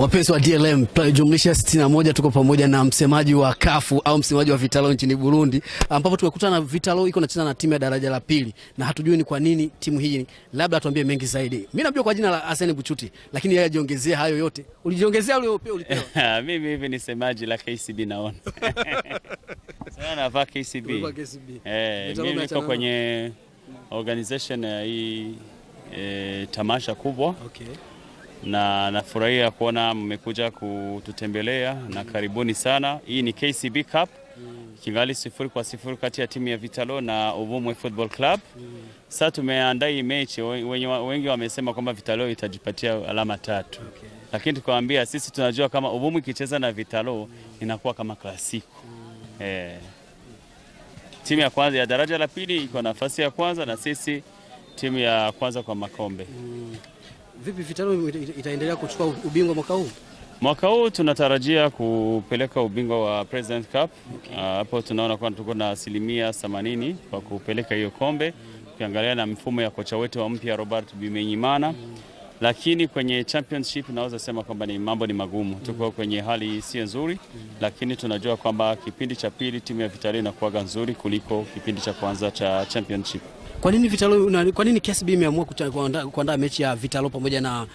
Wapenzi wa DLM jumlisha 61 tuko pamoja na msemaji wa kafu au msemaji wa Vitalo nchini Burundi, ambapo tumekutana Vitalo iko nacheza na timu ya daraja la pili na hatujui ni kwa nini timu hii, labda tuambie mengi zaidi. Mimi najua kwa jina la asen Buchuti, lakini yeye ajiongezea hayo yote. Ulijiongezea ule upeo ulipewa. Ah, mimi hivi ni semaji la KCB naona. Sasa navaa KCB. Eh, mimi niko kwenye organization ya hii eh, tamasha kubwa. Okay na nafurahia kuona mmekuja kututembelea na karibuni sana. Hii ni KCB Cup kingali sifuri kwa sifuri kati ya timu ya Vitalo na Uvumwe Football Club. Sasa tumeandaa hii mechi, wengi wamesema kwamba Vitalo itajipatia alama tatu, lakini tukawaambia sisi tunajua kama Uvumwe ikicheza na Vitalo inakuwa kama klasiko mm. eh. Timu ya kwanza ya daraja la pili iko nafasi ya kwanza na sisi timu ya kwanza kwa makombe. Mm. Vipi Vitano itaendelea kuchukua ubingwa mwaka huu? Mwaka huu tunatarajia kupeleka ubingwa wa President Cup ah, hapo. Okay. Uh, tunaona kwamba tuko na asilimia 80 kwa kupeleka hiyo kombe, ukiangalia na mfumo ya kocha wetu wa mpya Robert Bimenyimana. Mm. Lakini kwenye championship naweza sema kwamba ni mambo ni magumu. Mm. Tuko kwenye hali si nzuri. Mm. Lakini tunajua kwamba kipindi cha pili timu ya Vitali inakuwaga nzuri kuliko kipindi cha kwanza cha championship. Kwa nini Vitalo, kwa nini KCB imeamua kuandaa mechi ya Vitalo pamoja na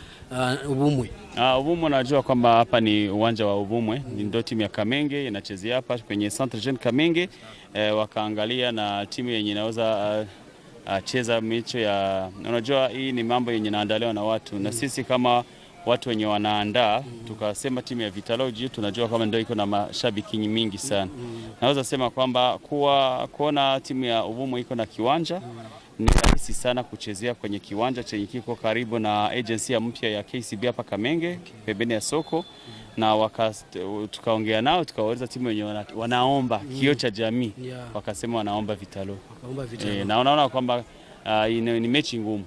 uh, Ubumwe? Uh, Ubumwe unajua kwamba hapa ni uwanja wa Ubumwe, ni ndio timu ya Kamenge inachezea hapa kwenye Centre Jean Kamenge eh, wakaangalia na timu yenye inaweza uh, acheza uh, mechi ya unajua, hii ni mambo yenye naandaliwa na watu mm. na sisi kama watu wenye wanaandaa mm. Tukasema timu ya Vitaloji tunajua kama ndio iko na mashabiki mingi sana mm. Naweza sema kwamba kuwa kuona timu ya Uvumu iko na kiwanja mm. Ni rahisi sana kuchezea kwenye kiwanja chenye kiko karibu na ya mpya ya KCB hapa Kamenge okay. Pembeni ya soko mm. Na tukaongea nao tukawauliza timu wenye wanaomba mm. Kio cha jamii yeah. Wakasema wanaomba Vitalo, wakaomba Vitalo. E, eh, na unaona kwamba uh, ni mechi ngumu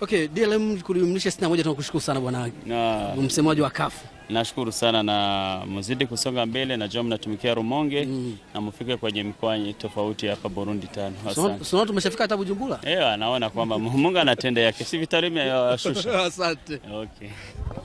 Okay, DLM kuliumlisha moja, tunakushukuru sana bwana. Na msemaji wa kafu. Nashukuru sana na mzidi kusonga mbele na mnatumikia Rumonge mm. na mfike kwenye mikoa tofauti hapa Burundi tano. Asante. tumeshafika hata Bujumbura? Eh, anaona kwamba Mungu anatenda yake. Si vitarimu yashusha. Asante. Okay.